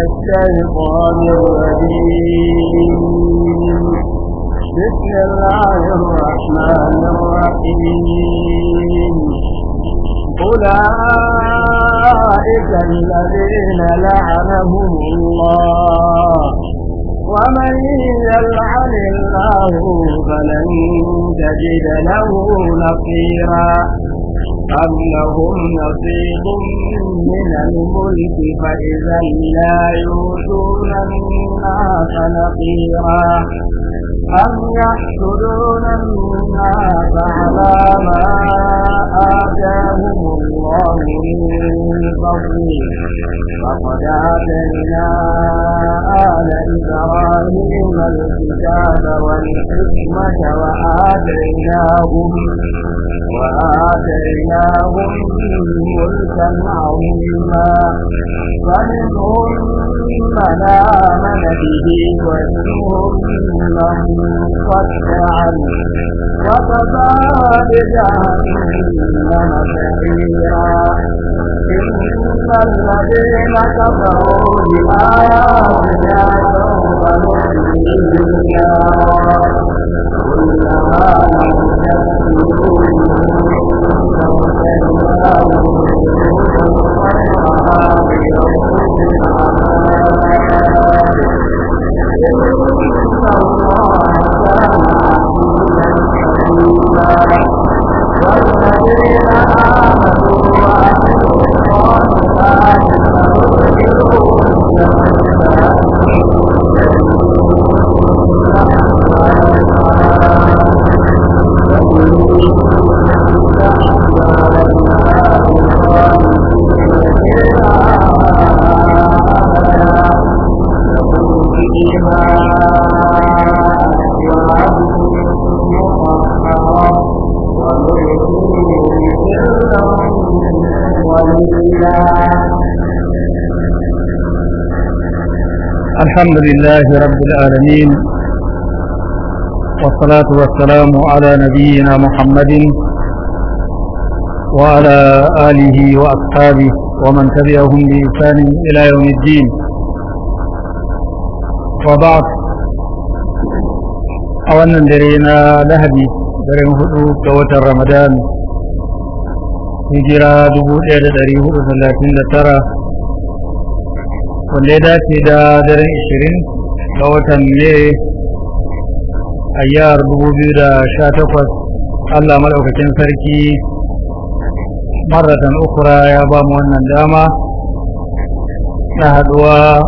الشيطان الرجيم بسم الله الرحمن الرحيم أولئك الذين لعنهم الله ومن يلعن الله فلن تجد له نصيرا أم لهم نصيب من الملك فإذا لا يؤتون الناس نقيرا أم يحسدون الناس على ما آتاهم الله من فضله فقد آتينا آل إبراهيم الكتاب والحكمة وآتيناهم وآتيناهم ملكا عظيما فمنهم من آمن به ومنهم من صد عنه وكفى بجهنم سعيرا إن الذين كفروا بآياتنا سوف نحييهم نارا كلما نكسبهم Amen. الحمد لله رب العالمين والصلاة والسلام على نبينا محمد وعلى آله وأصحابه ومن تبعهم بإحسان إلى يوم الدين وبعد أولا درينا لهبي درين هدوء كوة رمضان hijira 1439 wanda ya dace da daren 20 ga watan ne a yar 2018 Allah maɗaukakin sarki maratan ukura ya ba mu wannan dama na haɗuwa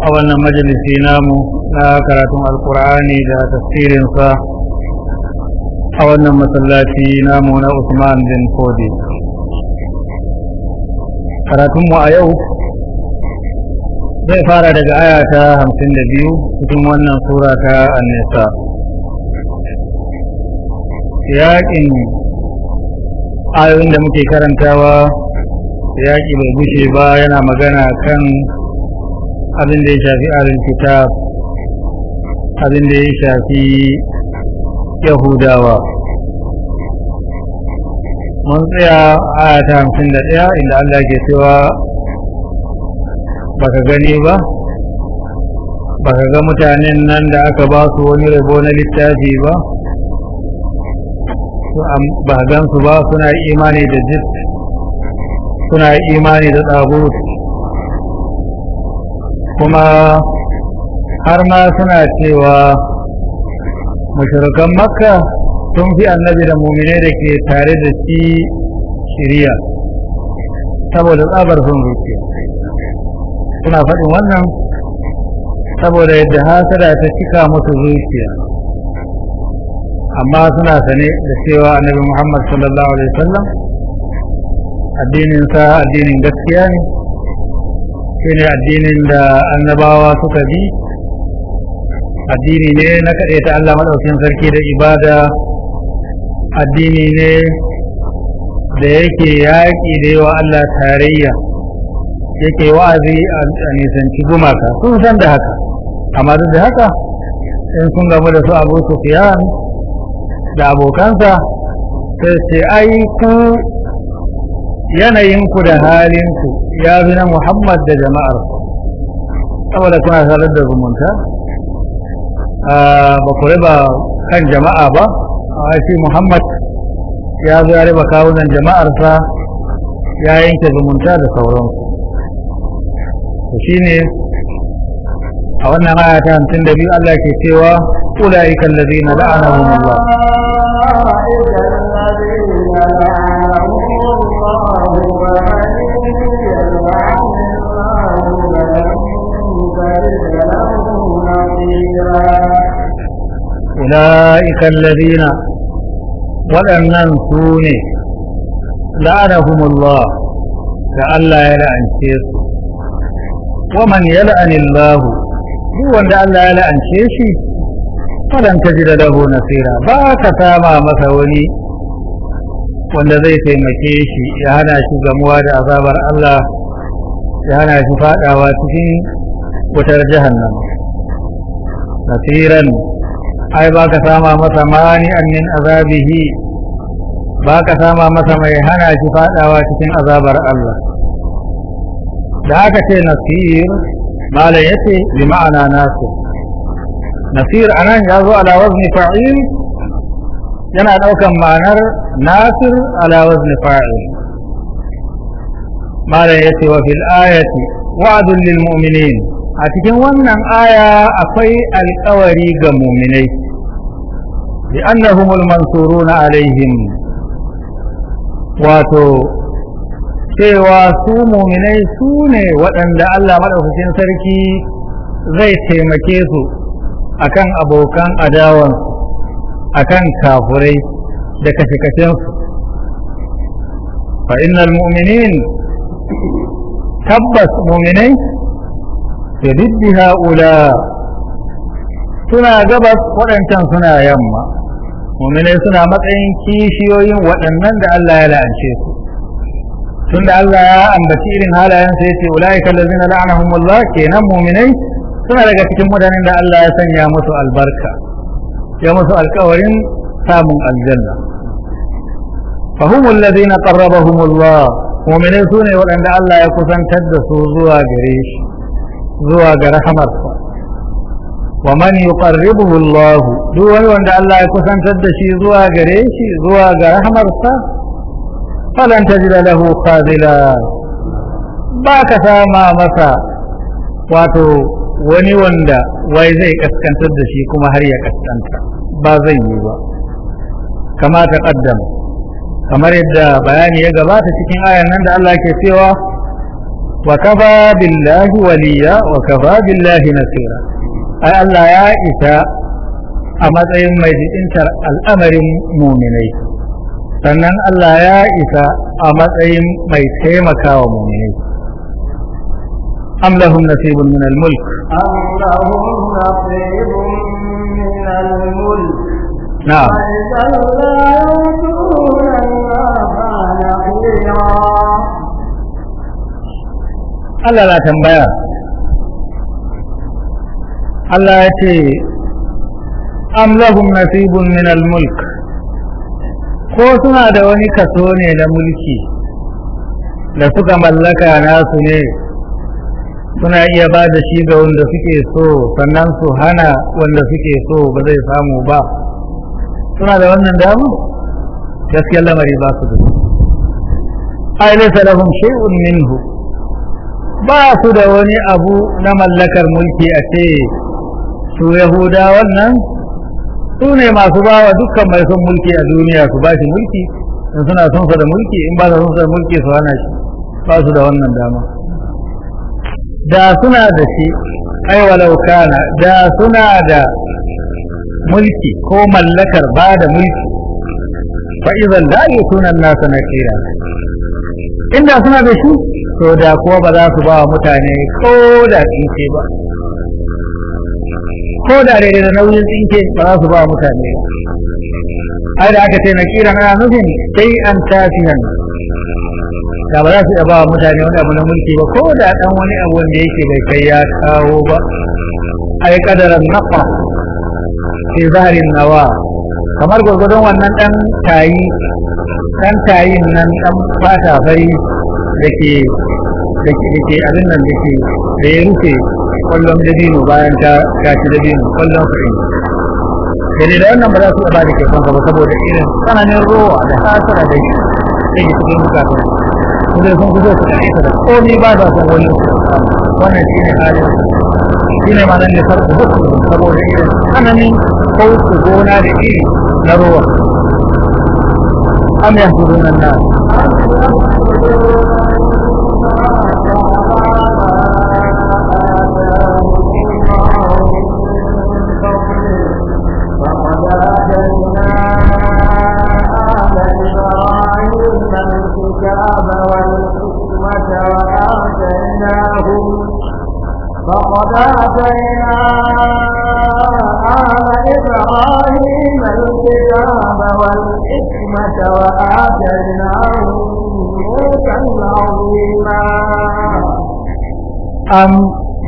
a wannan majalisi namu na karatun alkur'ani da tasirinsa a wannan masallaci namu na Usman bin Fodi. Karatunmu a yau zai fara daga ayata ta hamsin da biyu cikin wannan sura ta annisa yaƙin ayoyin da muke karantawa yaƙi bai gushe ba yana magana kan abin da ya shafi alin fita abin da ya shafi yahudawa mun tsaya a aya hamsin da ɗaya inda allah ke cewa baka gani ba baka ga mutanen nan da aka ba su wani rabo na littafi ba ba gan su ba suna imani da jit suna imani da tsabut kuma har ma suna cewa masharukan makka sun fi annabi da mumine da ke tare da shi shiriya saboda tsabar sun zuciya suna faɗin wannan saboda yadda hasada ta cika musu zuciya amma suna sane da cewa annabi Muhammad sallallahu alaihi wasallam addinin sa addinin gaskiya ne shine addinin da annabawa suka bi addini ne na ta Allah maɗaukin sarki da ibada addini ne da yake yaƙi da yawa Allah tarayya yake wa'azi a nisanci gumaka sun san da haka amma duk da haka in sun gamu da su abu sufiyan da abokansa sai ce ai ku yanayinku da halinku ya bi na muhammad da jama'ar saboda kuna sarar da zumunta ba ku riba kan jama'a ba a shi muhammad ya zo ya riba kawunan jama'arsa ya yanke zumunta da sauransu shine a wannan aya ta 52 Allah ke cewa أولئك الذين لعنهم الله أولئك الذين ولمن سوني لعنهم الله لألا يلعن شيخ wa man yal'an Allah duk wanda Allah ya la'ance shi falan tajida lahu nasira ba ka sama masa wani wanda zai taimake shi ya hana shi gamuwa da azabar Allah ya hana shi fadawa cikin wutar jahannam nasiran ai ba ka sama masa mani'an min azabihi ba ka sama masa mai hana shi fadawa cikin azabar Allah da haka ce nasir malam ce bi ma'ana nasir nasir anan ya zo ala wazni fa'il yana daukan ma'anar nasir ala wazni fa'il malam yace wa fil ayati wa'dun lil mu'minin a cikin wannan aya akwai alƙawari ga mu'minai bi annahumul mansuruna alaihim wato cewa su muminai su ne waɗanda Allah maɗaukakin sarki zai taimake su akan abokan adawan akan kafurai da kashe-kashensu Fa'inal mu'minin tabbas muminai da diddi ha'ula suna gabas waɗancan suna yamma muminai suna matsayin kishiyoyin waɗannan da Allah ya la'ance su Tun da Allah ya ambaci irin halayen sai ce ulaika allazina la'anahum Allah kenan mu'minai suna daga cikin mutanen da Allah ya sanya musu albarka ya musu alkawarin samun aljanna fa hum allazina qarrabahum Allah mu'minai sune waɗanda Allah ya kusantar da su zuwa gare shi zuwa ga rahamarsa wa man yuqarribuhu Allah duk wani wanda Allah ya kusantar da shi zuwa gare shi zuwa ga rahamarsa falan tajida lahu khazila ba ka sama masa wato wani wanda wai zai kaskantar da shi kuma har ya kaskanta ba zai yi ba kama ta kaddam kamar yadda bayani ya gabata cikin ayan nan da Allah ke cewa wa kafa billahi waliya wa kafa billahi nasira ai Allah ya isa a matsayin mai jidintar al'amarin muminai sannan Allah ya isa a matsayin mai taimaka wa am amlahum nasibun min al-mulk am nasibun min al-mulk na'am Allah na tambaya Allah ya ce am nasibun min al-mulk ko suna da wani kaso ne na mulki da suka mallaka nasu ne suna iya ba da shi ga wanda suke so sannan su hana wanda suke so ba zai samu ba suna da wannan damu gaskiyar lamari ba su da ai laysa lahum shay'un minhu ba su da wani abu na mallakar mulki a ce su yahuda wannan su ne masu bawa dukkan mai son mulki a duniya su ba shi mulki in suna son sa da mulki in ba su son sa da mulki su hana shi ba su da wannan dama da suna da shi ai walau da suna da mulki ko mallakar ba da mulki fa idan yi yakuna na nas kira inda suna da shi to da kuwa ba za su ba wa mutane ko da ce ba ko da daidai da nauyin tsinke ba za su ba mutane ai da aka ce na kira ana nufin sai an tafiyan da ba za su ba mutane wani abu na mulki ba ko da dan wani abu wanda yake da kai ya kawo ba ai kadaran nafa fi zahirin nawa kamar gwargwadon wannan dan tayi dan tayin nan dan fata fari da ke da ke abin nan da ke da ya rufe kwallon dabino bayan ta ta ci dabino kwallon kuɗi da da wannan ba za su ba da kyautan ba saboda irin tsananin rowa da hasara da shi da ke cikin mutane su zai sun kuzo su kashe ta da komai ba da san wani wannan shi ne halin shi ne malam da farko hukum saboda irin tsananin kauce gona da iri na rowa am yahudun nan أم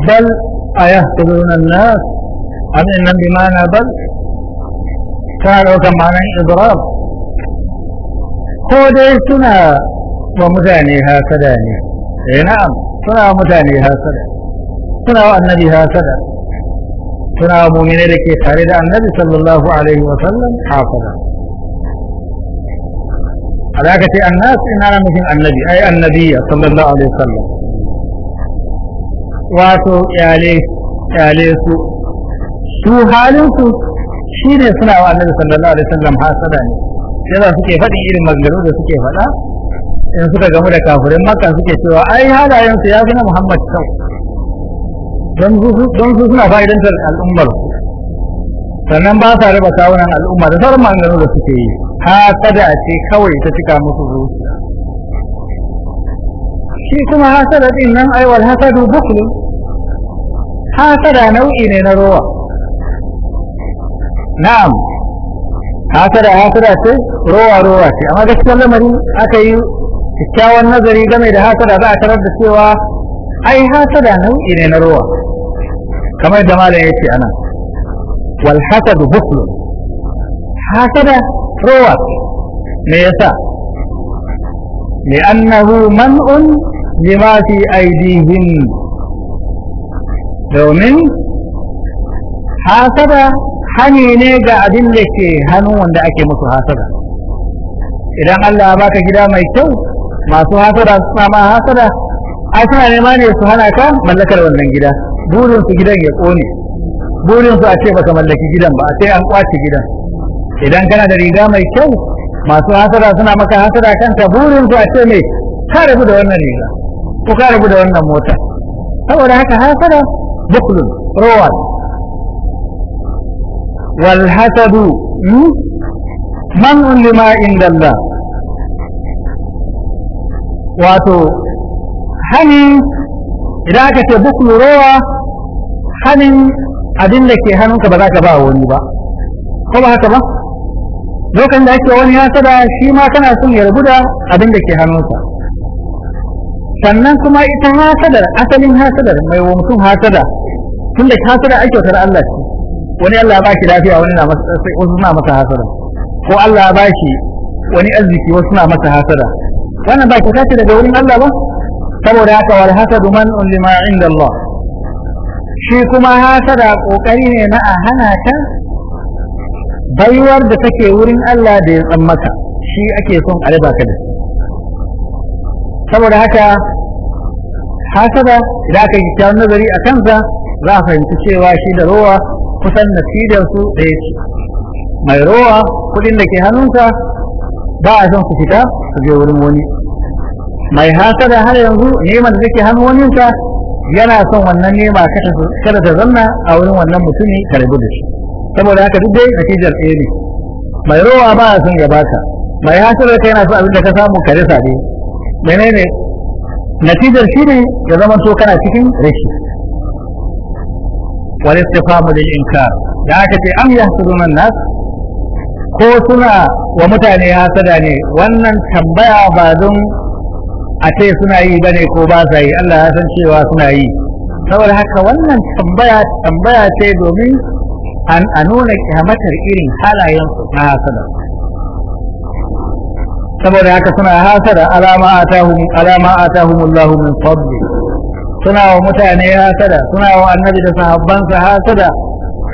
بل أيهتدون الناس أم إن بمعنى بل كانوا معنى إضراب هو دي ومثاني هكذا إيه نعم سنة ومثاني هكذا سنة والنبي هكذا سنة ومؤمنين لكي تارد النبي صلى الله عليه وسلم حافظا كثير الناس إن أنا مثل النبي أي النبي صلى الله عليه وسلم wato kyale su su halinsu shi ne suna wa annabi sallallahu alaihi wasallam hasada ne yadda suke faɗi irin maganganu da suke faɗa in suka gamu da kafirin makka suke cewa ai halayensu ya fi na muhammad kyau don su suna fa'idantar al'ummar sannan ba sa raba kawunan al'umma da sauran maganganu da suke yi hasada ce kawai ta cika musu zuciya shi kuma hasada din nan aiwal hasadu bukulun hasada nau'i ne na rowa na'am hasada hasada ce rowa rowa ce amma gaskiyar lamari aka yi kyakkyawan nazari game da hasada za a tarar da cewa ai hasada nau'i ne na rowa kamar da malam ce ana wal hasadu bukhlun hasada rowa me yasa li annahu man'un lima fi aydihim domin hasada hani ne ga abin da ke hannun wanda ake musu hasada idan Allah ya baka gida mai kyau masu hasada su sama hasada ai suna nema ne su hana ka mallakar wannan gida burin su gidan ya kone burin su a ce baka mallaki gidan ba a ce an kwace gidan idan kana da riga mai kyau masu hasada suna maka hasada kanka burin su a ce mai ka rabu da wannan riga ko ka rabu da wannan mota saboda haka hasada بخل روى والحسد منع لما عند الله wato hani idan aka ce buk rowa hanin abin da ke hannunka ba za ka ba wani ba ko ba haka ba lokacin da ake wani hasada shi ma kana son ya rabu da abin da ke hannunsa sannan kuma ita hasadar asalin hasadar mai wa mutum hasada tunda hasada ake kyautar Allah ce wani Allah ya bashi lafiya wani na masa wasu na masa hasada ko Allah ya bashi wani arziki wasu na masa hasada wannan ba kyauta ce daga wurin Allah ba saboda haka wal hasadu man lima inda Allah shi kuma hasada kokari ne na a hana ta baiwar da take wurin Allah da ya tsammaka shi ake son a riba ka da shi saboda haka hasada idan aka yi kyawun nazari a kansa za a fahimci cewa shi da rowa kusan da ɗaya ce mai rowa kuɗin da ke hannunsa ba a son su fita su je wurin wani mai hasada har yanzu neman da take hannun waninsa yana son wannan nema kada ta zanna a wurin wannan mutumi ka da shi saboda haka duk dai natijar ɗaya ne mai rowa ba a son ya baka mai hasada kai yana son abin da ka samu ka rasa dai menene natijar shi ne ya zama to kana cikin rashi wal da lil inkar da aka ce am yahsuduna nas ko suna wa mutane sada ne wannan tambaya ba don a ce suna yi bane ko ba sa yi Allah ya san cewa suna yi saboda haka wannan tambaya tambaya ce domin an a nuna kyamatar irin halayensu na hasada saboda haka suna hasara alama atahum alama atahumullahu min fadli suna wa mutane hasada suna wa annabi da sahabbansa hasada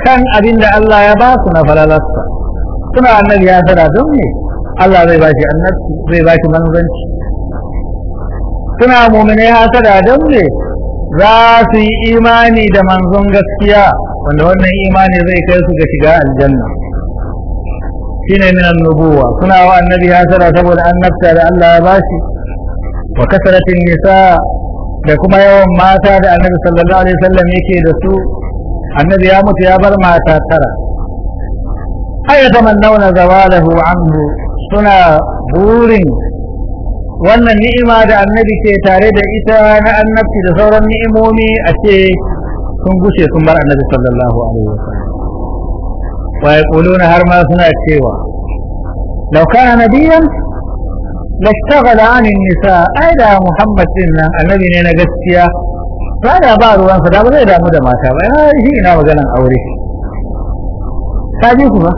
kan abin da Allah ya ba su na falalarsa suna annabi hasada don ne Allah zai ba shi annabci zai ba shi manzanci suna muminai hasada don ne za su yi imani da manzon gaskiya wanda wannan imani zai kai su ga shiga aljanna shine min annubuwa suna wa annabi hasara saboda an nafta da Allah ya bashi wa kasratin nisa da kuma yawan mata da annabi sallallahu alaihi wasallam yake da su annabi ya mutu ya bar mata tara ay yatamannawna zawalahu anhu suna burin wannan ni'ima da annabi ke tare da ita na annabci da sauran ni'imomi a ce sun gushe sun bar annabi sallallahu alaihi wasallam wa yaquluna har ma suna cewa law kana nabiyan lashtaghala 'ani nisa ai da Muhammad din annabi ne na gaskiya ba da ba ruwansa da ba zai damu da mata ba ya shi ina maganan aure ta ji ku ba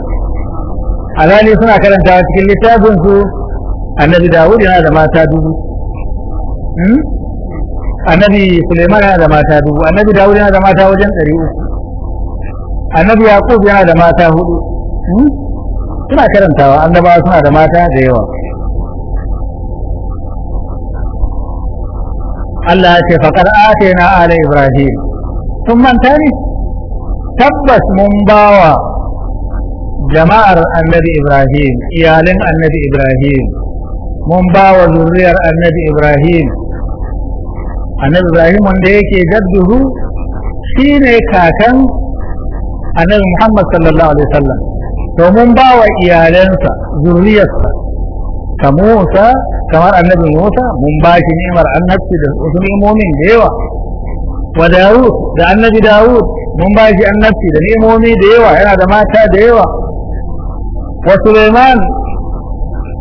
suna karantawa cikin littafin su annabi Dawud yana da mata dubu hmm? annabi Suleiman yana da mata dubu annabi Dawud yana da mata wajen ɗari uku annabi yaqub yana da mata hudu hmm? suna karantawa annabawa suna da mata da yawa Allah ya ce faqad na ala ibrahim sun manta ne tabbas mun bawa jama'ar annabi ibrahim iyalin annabi ibrahim mun bawa zuriyar annabi ibrahim annabi ibrahim wanda yake shi shine kakan annabi Muhammad sallallahu alaihi wasallam mun ba wa iyalansa zuriyarsa ka Musa kamar annabi Musa mun ba shi ni'mar annabi da usulul mumin da yawa wa Dawud da annabi Dawud mun ba shi annabi da ni'momi da yawa yana da mata da yawa wa Sulaiman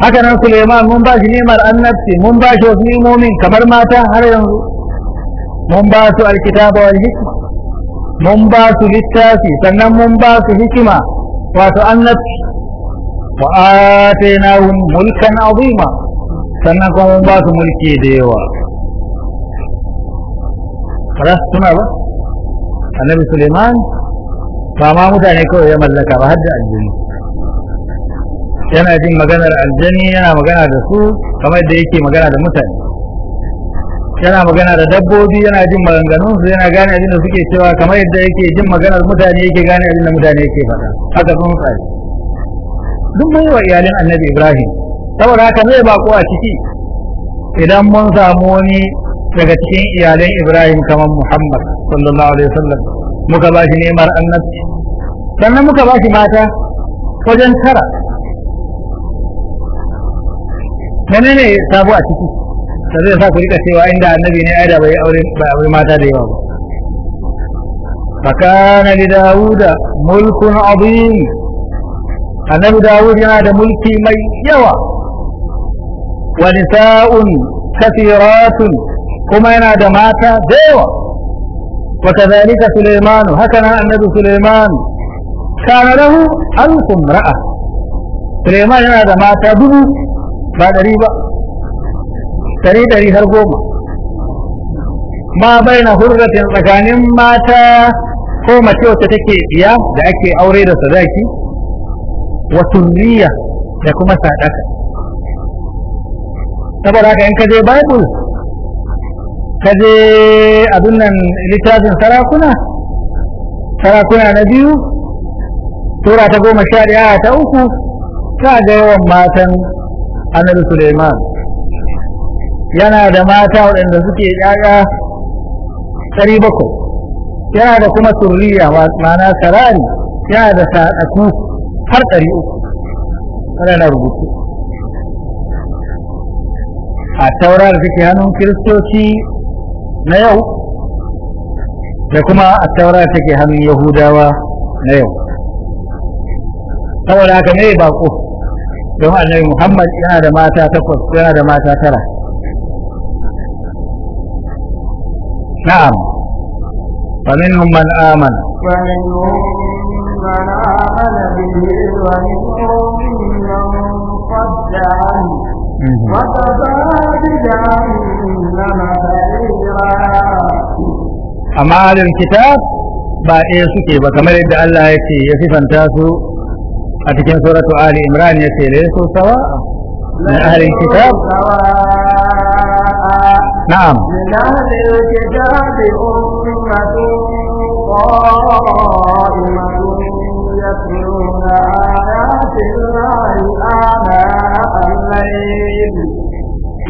haka nan Suleiman mun ba shi ni'mar annabi mun ba shi usulul mu'min kamar mata har yanzu mun ba su alkitaba wal hikma mun ba su littafi sannan mun ba su hikima wato annabi wa atainahum mulkan azima sannan kuma mun ba su mulki da yawa kada suna ba annabi Suleiman ba ma mutane kawai ya mallaka ba har da aljini yana jin maganar aljini yana magana da su kamar da yake magana da mutane yana magana da dabbobi yana jin maganganun su yana gane abin da suke cewa kamar yadda yake jin maganar mutane yake gane abin da mutane yake faɗa haka sun tsari duk mun wa iyalin annabi ibrahim saboda haka zai bako a ciki idan mun samu wani daga cikin iyalin ibrahim kamar muhammad sallallahu alaihi wasallam muka ba shi nemar annabi sannan muka ba shi mata wajen tara menene sabo a ciki da zai sa ku rika cewa inda annabi ne aida bai aure ba aure mata da yawa ba fakana li dawuda mulkun azim annabi dawud yana da mulki mai yawa wa nisa'un kathiratun kuma yana da mata da yawa wa kadhalika sulaiman hakana annabi sulaiman kana lahu alfun ra'a sulaiman yana da mata dubu ba dari ba Dari dari har goma ma bai na hurratin tsakanin mata ko mace wacce take biya da ake aure da sadaki wa sunniya da kuma sadaka saboda haka in ka je bible ka je abin nan littafin sarakuna sarakuna na biyu tura ta goma sha ɗaya ta uku ka ga yawan matan annabi suleiman yana da mata waɗanda suke ƴaƴa ɗari bakwai yana da kuma turriya ma'ana sarari yana da saɗaku har ɗari uku na rubutu a taura da take hannun kiristoci na yau da kuma a taura da take hannun yahudawa na yau saboda haka ne bako don annabi muhammad yana da mata takwas yana da mata tara نعم فمنهم من آمن فمنهم من آمن به ومنهم من عنه أما أهل الكتاب ba ɗaya suke ba kamar yadda Allah ya ce ya sifanta su a cikin suratu Ali Imran ya ce laysu sawa na ahlul kitab نعم من أهل الكتاب أمة قائمة يتلون آيات الله آناء الليل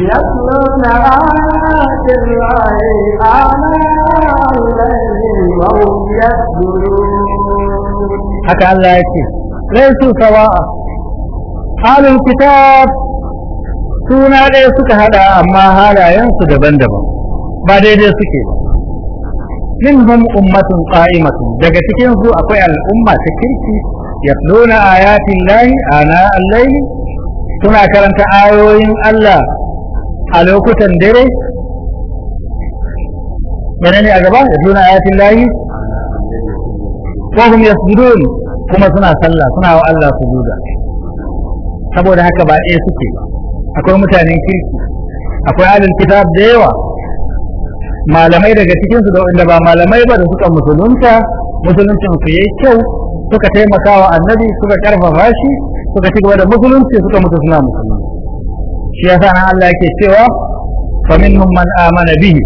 يتلون آيات الله آناء الليل وهم يسجدون حتى الله يكفي ليسوا سواء أهل الكتاب suna ɗaya suka haɗa amma halayensu daban-daban ba daidai suke ba hum ummatun qa'imatun daga cikin su akwai al'umma ta kirki yatluna ayatin lahi ana al suna karanta ayoyin Allah a lokutan dare menene a gaba yatluna ayatin lahi wa yasjudun kuma suna sallah suna wa Allah sujuda saboda haka ba ɗaya suke ba akwai mutanen kirki akwai alin kitab da yawa malamai daga cikinsu da wanda ba malamai ba da suka musulunta musuluncin su yayi kyau suka taimaka wa annabi suka karfafa shi suka ci gaba da musulunci suka mutu suna musulunci shi yasa nan Allah yake cewa fa minhum man amana bihi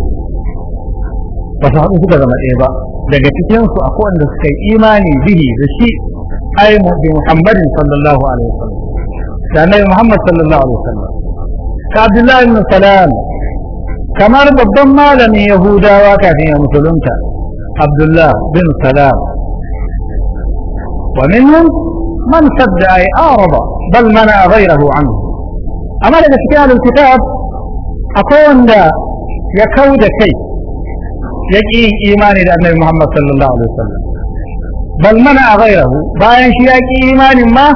ba su haɗu suka zama ɗaya ba daga cikinsu akwai wanda suka yi imani bihi da shi ai Muhammadin sallallahu alaihi wasallam da annabi Muhammad sallallahu alaihi wasallam كعبد الله بن سلام كمان بضم ما لم يهودا وكافيا مسلمتا عبد الله بن سلام ومنهم من سد اي اعرض بل منع غيره عنه اما إذا في هذا الكتاب اكون لا يكود شيء يجي ايماني دا النبي محمد صلى الله عليه وسلم بل منع غيره باين شيء يجي ايماني ما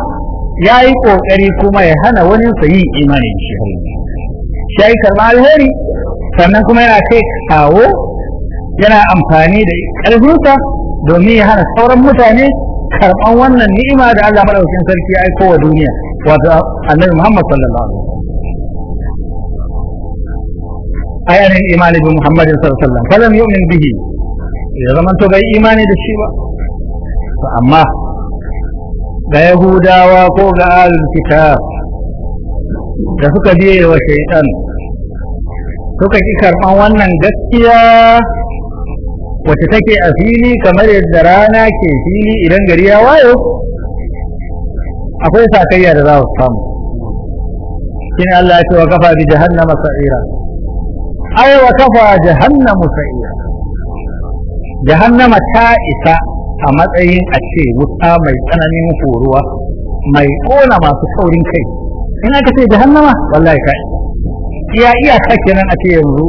ya yi ƙoƙari kuma ya hana wani sayi imanin shi shi ya yi karɓa alheri sannan kuma yana kai kawo yana amfani da ƙarfinsa domin ya hana sauran mutane karɓan wannan ni'ima da Allah madaukakin sarki ya aiko wa duniya wato annabi Muhammad sallallahu alaihi wasallam ayanin imani bi Muhammadin sallallahu alaihi wasallam falam yu'min bihi ya zama to bai imani da shi ba amma ga yahudawa ko ga alin kitab da suka biye wa shaitan suka ki karɓan wannan gaskiya wacce take a fili kamar yadda rana ke fili idan gari ya wayo akwai sakayya da za su samu shine Allah ya ce wa kafa bi jahannama sa'ira ai wa kafa jahannamu sa'ira jahannama ta isa a matsayin a ce wuta mai tsananin horuwa mai kona masu saurin kai in aka ce jahannama wallahi kai iya iyaka kenan a ce yanzu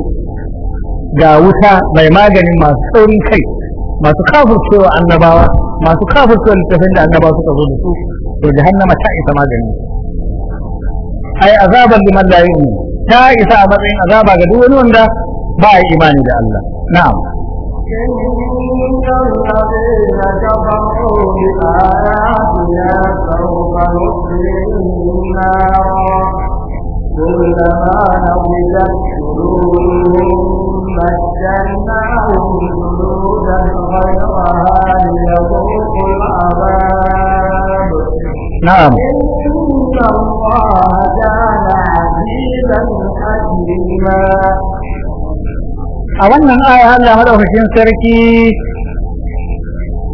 ga wuta mai maganin masu saurin kai masu kafurcewa annabawa masu kafurcewa littafin da annabawa suka zo da su to jahannama ta isa magani ai azaban liman la yu'min ta isa a matsayin azaba ga duk wani wanda ba a imani da Allah na'am إن الذين كفروا بآياتنا سوف نصليهم نارا كلما نضجت جلودهم مكناهم جلودا غيرها ليذوقوا العذاب نعم إن الله كان عزيزا حكيما a wannan aya Allah madaukakin sarki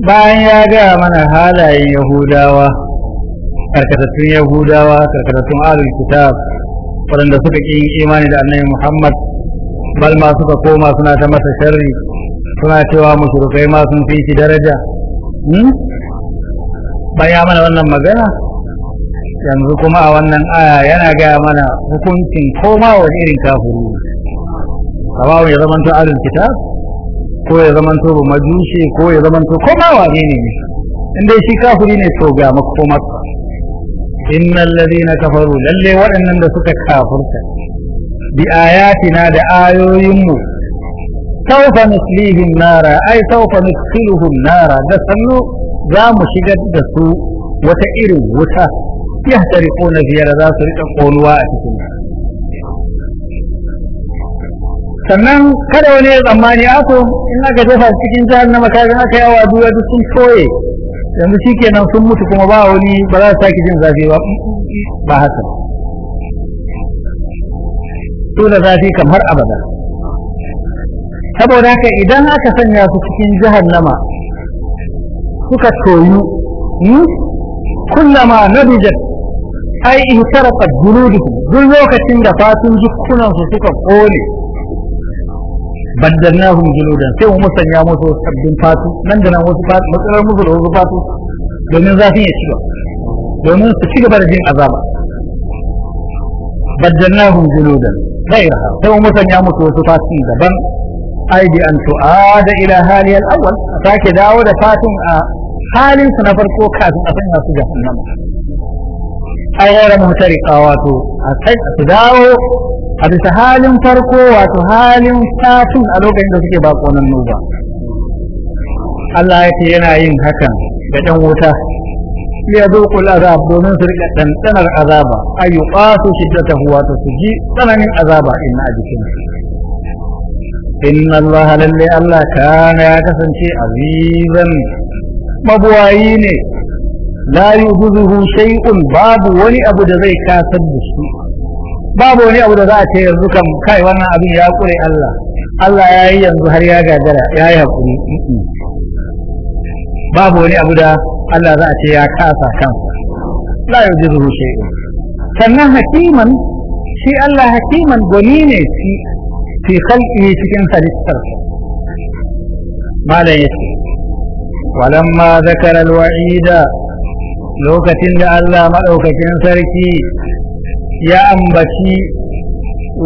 bayan ya gaya mana halayen yahudawa karkatattun yahudawa karkatattun alul kitab waɗanda suka ƙi imani da annabi muhammad bal ma suka koma suna ta masa sharri suna cewa mushrikai ma sun fi shi daraja hmm? bayan mana wannan magana yanzu kuma a wannan aya yana gaya mana hukuncin komawa irin kafiri sawawun ya zamanto arin kitab ko ya zamanto ba majushe ko ya zamanto ko ma wane ne ne in dai shi kafiri ne to ga makomar innal ladina kafaru lalle waɗannan da suka kafurta bi ayatina da ayoyinmu سوف نسليهم نارا أي سوف ندخلهم نارا ده سنو زام شجد دسو وتئر وتا يهترقون في رذا سرق a أتكم sannan kada wani ya tsammani ako ah, in aka jefa cikin na makarin aka yawa duwa duk sun soye yanzu shi kenan sun mutu kuma ba wani ba za su sake jin zafi ba ba haka dole zafi kamar abada saboda haka idan aka sanya su cikin jihar nama suka toyu hmm? kullama nabijat ai ihtaraqat juluduhum duk lokacin da fatun jikunansu suka kone baddalnahum juludan sai mu musanya musu sabbin fatu nan da nan wasu fatu matsalar musu da wasu fatu domin zafin ya ci domin su ci gaba da jin azaba baddalnahum juludan ghayraha sai mu musanya musu wasu fatu daban ai bi an tu'ada ila hali al-awwal sake dawo da fatun a halin su na farko kafin a sanya su jahannama ai mu muhtariqa wato a kai su dawo a bisa halin farko wato halin safin a lokacin da suke bakonan nuba Allah ya ce yana yin hakan da ɗan wuta ya zuƙu azab domin su riƙa ɗanɗanar azaba a yi shiddatahu wato su ji tsananin azaba inna a jikinsu inna Allah lalle Allah kana ya kasance azizan mabuwayi ne la yuzuhu shay'un babu wani abu da zai kasar da shi babu wani abu da za a ce yanzu kam kai wannan abin ya kure Allah Allah ya yi yanzu har ya gagara ya yi haƙuri babu wani abu da Allah za a ce ya kasa kansa la yujiruhu shay'un sannan hakiman shi Allah hakiman gwani ne shi fi khalqihi cikin halittar malam yace walamma zakara alwa'ida lokacin da Allah madaukakin sarki ya ambaci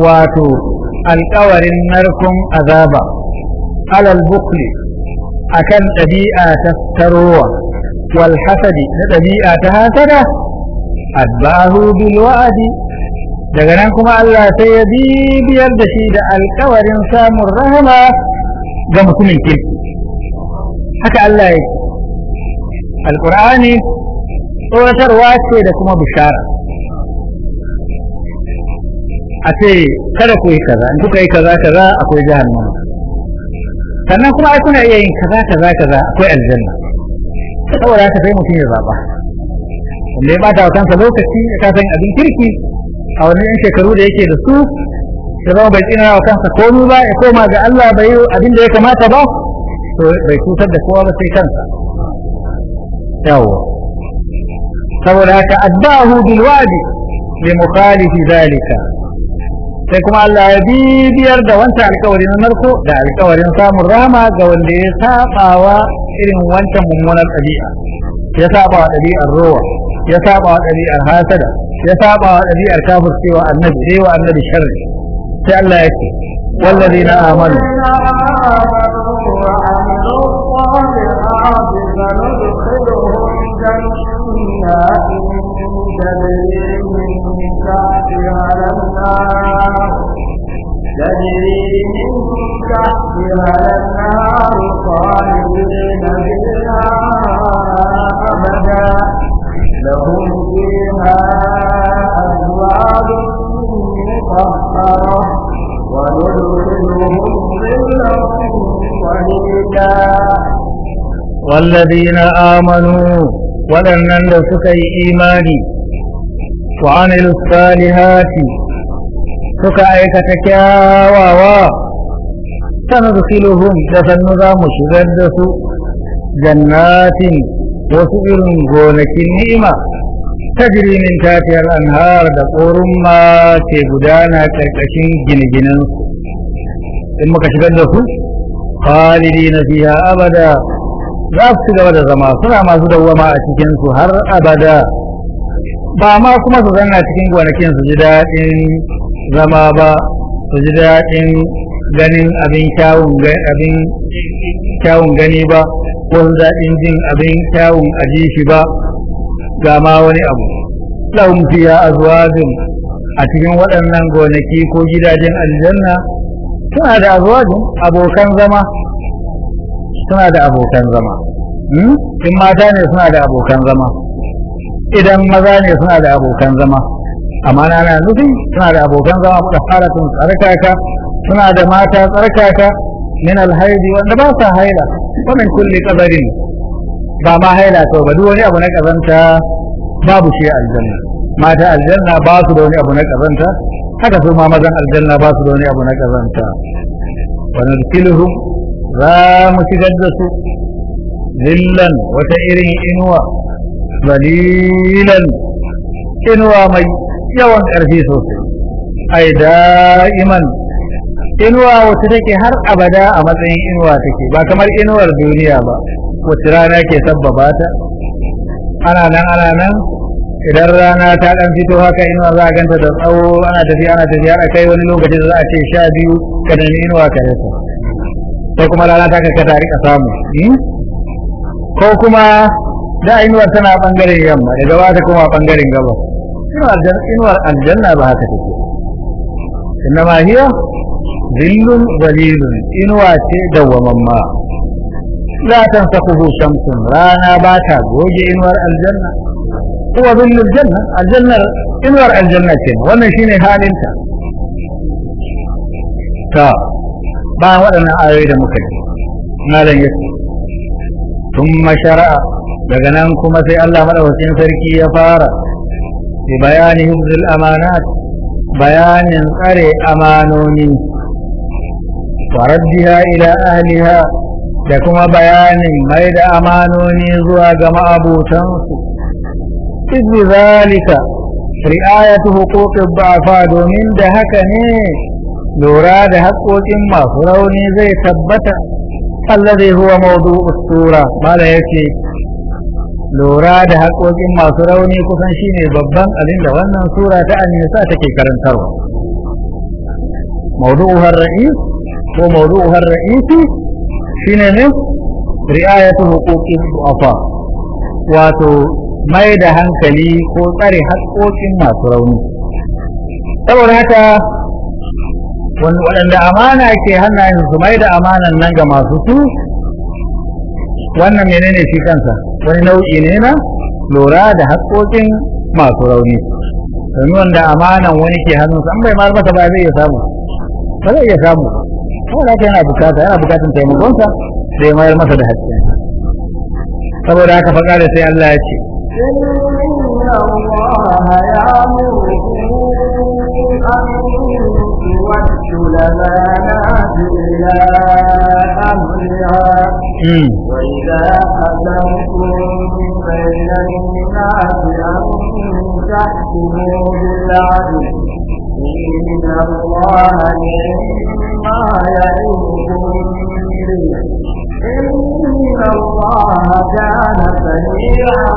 wato alkawarin narkon azaba alal bukli akan ɗabi'a ta tarowa wal hasadi na ɗabi'a ta hasada adbahu bil wa'adi daga nan kuma Allah sai ya bibiyar da shi da alkawarin samun rahama ga mutumin kirki haka Allah ya alkur'ani tsoratarwa ce da kuma bishara a ce kada ku yi kaza in kuka yi kaza kaza akwai jahannama sannan kuma ai kuna iya yin kaza kaza kaza akwai aljanna saboda haka sai mutum ya zaba wanda ya bata wa kansa lokaci ya kasan abin kirki a wani yan shekaru da yake da su ya zama bai tsina wa kansa komi ba ya koma ga Allah bai yi abin da ya kamata ba to bai cutar da kowa ba sai kansa yawwa saboda haka addahu bil wadi li mukhalifi zalika sai kuma Allah ya bibiyar da wancan alkawari na narko da alkawarin samun rama ga wanda ya sabawa irin wancan mummunar ɗabi'a ya sabawa ɗabi'ar rowa ya sabawa ɗabi'ar hasada ya sabawa ɗabi'ar kafircewa annabi dai wa annabi sharri sai Allah ya ce والذين آمنوا جنات تجري من تحتها الأنهار تجري من تحتها الأنهار خالدين فيها أبدا لهم فيها أزواج مطهرة وندخلهم ظلا ظليلا والذين آمنوا ولن نندسك إيماني وعملوا الصالحات suka aikata kyawawa sanadkhiluhum da sannu za mu shigar da su jannatin wasu irin gonakin ni'ima tajri tafiyar tatiyar anhar da tsoron ma ke gudana karkashin gine-ginen in muka shigar da su na fiha abada za su ci gaba da zama suna masu dawwama a cikinsu har abada ba ma kuma su zanna cikin gonakin su ji daɗin zama ba su ji daɗin ganin abin kyawun gani ba ko su daɗin jin abin kyawun aji shi ba ga ma wani abu lahum fiya azwajin a cikin waɗannan gonaki ko gidajen aljanna suna da azwajin abokan zama suna da abokan zama hmm? in mata ne suna da abokan zama idan maza ne suna da abokan zama amma na nufi suna da abokan zama mutahharatun tsarkaka suna da mata tsarkaka min alhaidi wanda ba sa haila wa min kulli qadarin ba ma haila to ba duk wani abu na kazanta babu shi aljanna mata aljanna ba su da wani abu na kazanta haka su ma mazan aljanna ba su da wani abu na kazanta wa nudkhiluhum za mu shigar da su lillan wata irin inuwa dalilan inuwa mai yawan ƙarfi sosai ai da'iman inuwa wacce take har abada a matsayin inuwa take ba kamar inuwar duniya ba wacce rana ke sabbaba ta ana nan ana nan idan rana ta dan fito haka inuwa za a ganta da tsawo ana tafiya ana tafiya a kai wani lokaci za a ce sha biyu kanan inuwa ka rasa sai kuma rana ta kaka ta rika samu hmm? ko kuma da inuwar tana bangaren yamma daga ba ta kuma bangaren gabas inuwar aljanna ba haka take innama hiya zillun zalilun inuwa ce dawwamamma la tansakuhu shamsun rana ba ta goge inuwar aljanna huwa zillul janna aljannar inuwar aljanna ce wannan shine halinta ta ba waɗannan ayoyi da muka ji malam yake tun mashara'a daga nan kuma sai Allah madaukakin sarki ya fara ببيان حفظ الأمانات بيان قري أمانوني وردها إلى أهلها لكما بيان ميد أمانوني زوى جمع أبو تنسو إذ بذلك رعاية حقوق الضعفاء دومين دهكني لورا دهقوك ما فروني زي ثبت الذي هو موضوع السورة ما لا يكي lura da haƙoƙin masu rauni kusan shine babban abin da wannan sura ta annisa take karantarwa mawdu'uhar ra'is ko mawdu'uhar ra'isi shine ne ri'ayatu huquqi du'afa wato mai da hankali ko tsare haƙoƙin masu rauni saboda haka waɗanda amana ke hannayen su mai da amanan nan ga masu su wannan menene shi kansa wani nau'i ne na lura da haƙoƙin masu rauni domin wanda amanan wani ke hannunsa an bai mar masa ba zai iya samu ba zai iya samu da ke yana bukata yana bukatun taimakonsa da mayar masa da haƙƙi saboda haka faɗa da sai Allah ya ce وزنوا بالعدل إن الله مما يعظكم به إن الله كان سميعا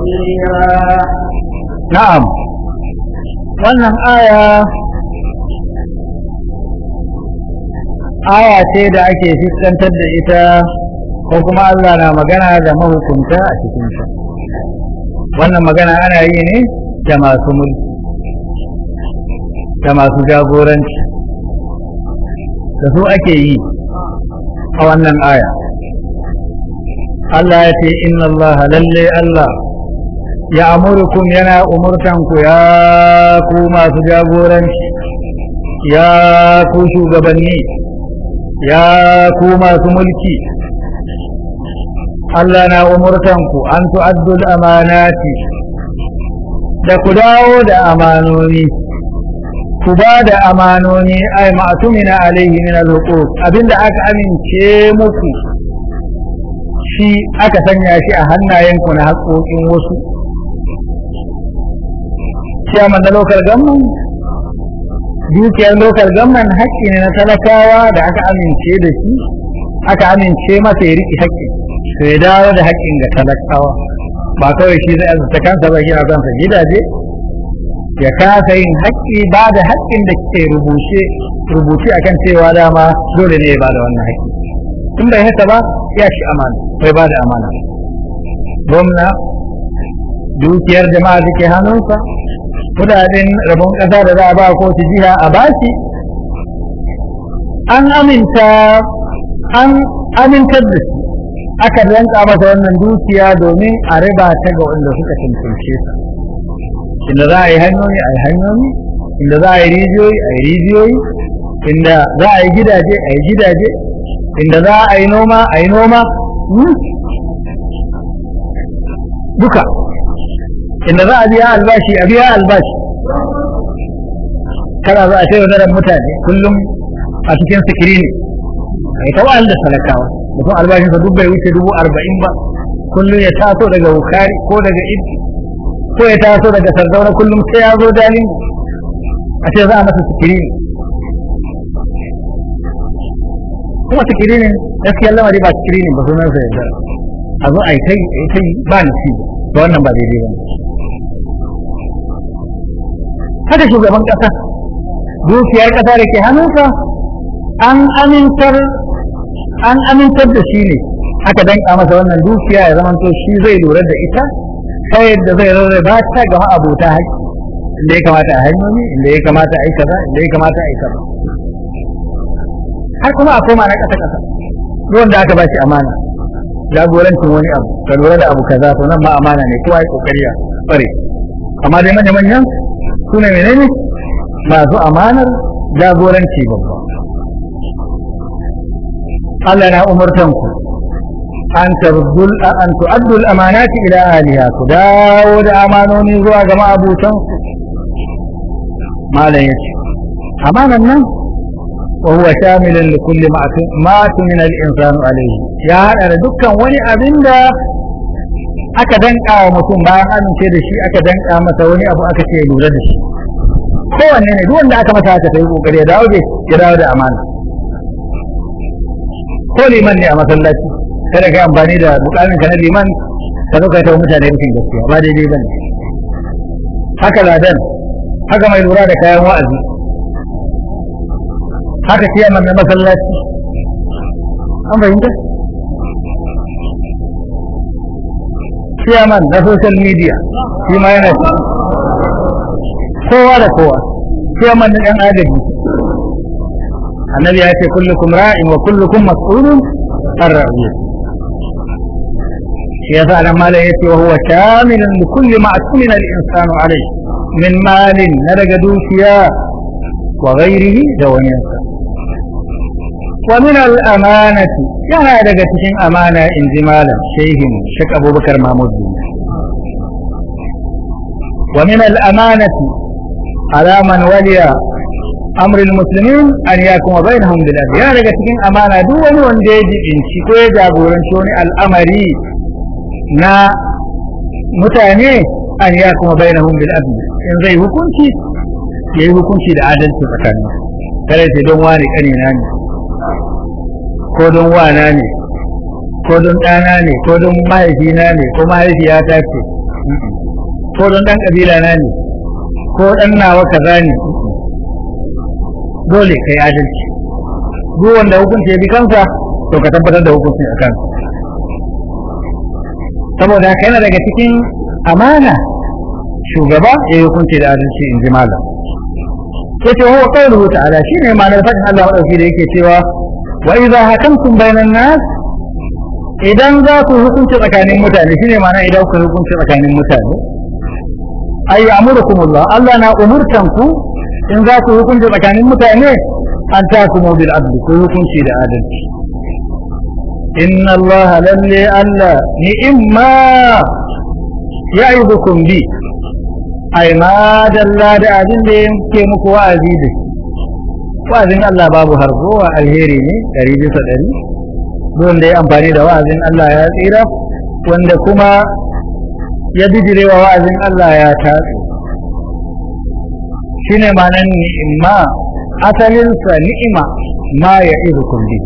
بصيرا نعم wannan aya aya ce da ake fuskantar da ita ko kuma Allah na magana da mahukunta a cikinsa wannan magana ana yi ne da masu mulki da masu jagoranci da su ake yi a wannan aya Allah ya ce inna Allah lalle Allah ya amurkum yana umurtanku ya ku masu jagoranci ya ku shugabanni ya ku masu mulki Allah na umurtanku an tu'addul amanati da ku dawo da amanoni ku ba da amanoni ai ma'atumina alaihi min al-huquq abinda aka amince muku shi aka sanya shi a hannayenku na haƙoƙin wasu ciyaman na lokal gamman dukiyar lokal gamman haƙƙi ne na talakawa da aka amince da shi aka amince masa ya riƙe haƙƙi to ya dawo da haƙƙin ga talakawa ba kawai shi zai azurta kansa ba gina kansa gidaje ya kasa yin haƙƙi ba da haƙƙin da ke rubuce rubuce akan cewa dama dole ne ya ba da wannan haƙƙi tun bai haka ba ya shi amana bai ba da amana gwamna dukiyar jama'a da ke hannunsa kudaden rabon ƙasa da za a ba su jiha a bashi an aminta an amintar da shi aka yanka masa wannan dukiya domin a riba ta ga wanda suka cancance su, inda za a yi hanyoyi a yi hanyoyi inda za a yi rijiyoyi a yi rijiyoyi inda za a yi gidaje a yi gidaje inda za a yi noma a yi noma hmm? duka inda za a biya albashi a biya albashi kada za a sai wadaran mutane kullum a cikin sikiri ne a yi ta da talakawa mutum albashinsa duk bai wuce dubu arba'in ba kullum ya taso daga wukari ko daga ibi ko ya taso daga sardauna kullum sai ya zo dalin a ce za a masa sikiri kuma sikiri ne gaskiyar lamari ba sikiri ne ba sunan sa yanzu a zo a yi ta yi ba ni ci ba wannan ba daidai ba haka shugaban kasa dukiyar kasa da ke hannunsa an amintar an amintar da shi ne aka danka masa wannan dukiya ya zama to shi zai lura da ita ta yadda zai rarraba ta ga abota haƙƙi inda ya kamata a hanyoyi inda ya kamata a yi inda ya kamata a yi har kuma a koma na ƙasa ƙasa ruwan da aka ba shi amana jagorancin wani abu ka lura da abu kaza to nan ma amana ne kowa ya kokari ya bare amma dai manya manyan su ne menene masu amanar jagoranci babba Allah na umurtan ku an amana an idan amanati ila ahliha ku dawo da amanoni zuwa ga ma'abutan ku malam yace amanan nan wa huwa shamilun li kulli ma tumina al-insan alayhi ya hada da dukkan wani abinda aka danka wa mutum bayan amince da shi aka danka masa wani abu aka ce lura da shi kowanne ne duk wanda aka masa ta sai kokari ya dawo ya dawo da amana ko liman ne a masallaci kada ka amfani da mukamin ka na liman ka zo ka ta mutane rikin gaskiya ba daidai ba ne haka ladan haka mai lura da kayan wa'azi haka ciyaman na masallaci an fahimta Siyaman na social media shi ma yana kowa da kowa ciyaman na ɗan agaji النبي يأتي كلكم راع وكلكم مسؤول عن رعية يضع ما لا يأتي وهو كامل بكل ما أكمل الإنسان عليه من مال نرق دوشيا وغيره دوانيسا ومن الأمانة كما لقتهم أمانة انزمالا شيهم شك أبو بكر ما مدين ومن الأمانة على من ولي amrul muslimin an yakuma bainahum bil adl ya daga cikin amana duk wani wanda ya ci? ko ya jagoranci wani al'amari na mutane an yakuma bainahum bil adl in zai hukunci Ya yi hukunci da adalci tsakanin kare sai don wani kane na ne ko don wana ne ko don ɗana ne ko don mahaifina ne ko mahaifiyata ce ko don ɗan ƙabila na ne ko ɗan nawa kaza ne dole ka yi adalci duk wanda hukunci ya bi kansa to ka tabbatar da hukunci a kansa saboda haka yana daga cikin amana shugaba ya yi hukunci da adalci in ji malam sai ce huwa ala shi shine ma'anar fadin Allah ɗauki da yake cewa wa idza hakamtum bainan nas idan za ku hukunci tsakanin mutane shine ma'ana idan ku hukunci tsakanin mutane ayyamurukumullah Allah Allah na umurtan ku in za ku hukunci tsakanin mutane an ta su bil abu ku hukunci da adalci inna allaha lalle allah ni ni'imma ya'idukum bi ai ma dalla da abin da yake muku wa'azi da wa'azin Allah babu harbo wa alheri ne ɗari bisa ɗari wanda ya amfani da wa'azin Allah ya tsira wanda kuma ya bijirewa wa wa'azin Allah ya tatsi shine ma'anar ni'ima asalinsa ni'ima ma ya izu kulli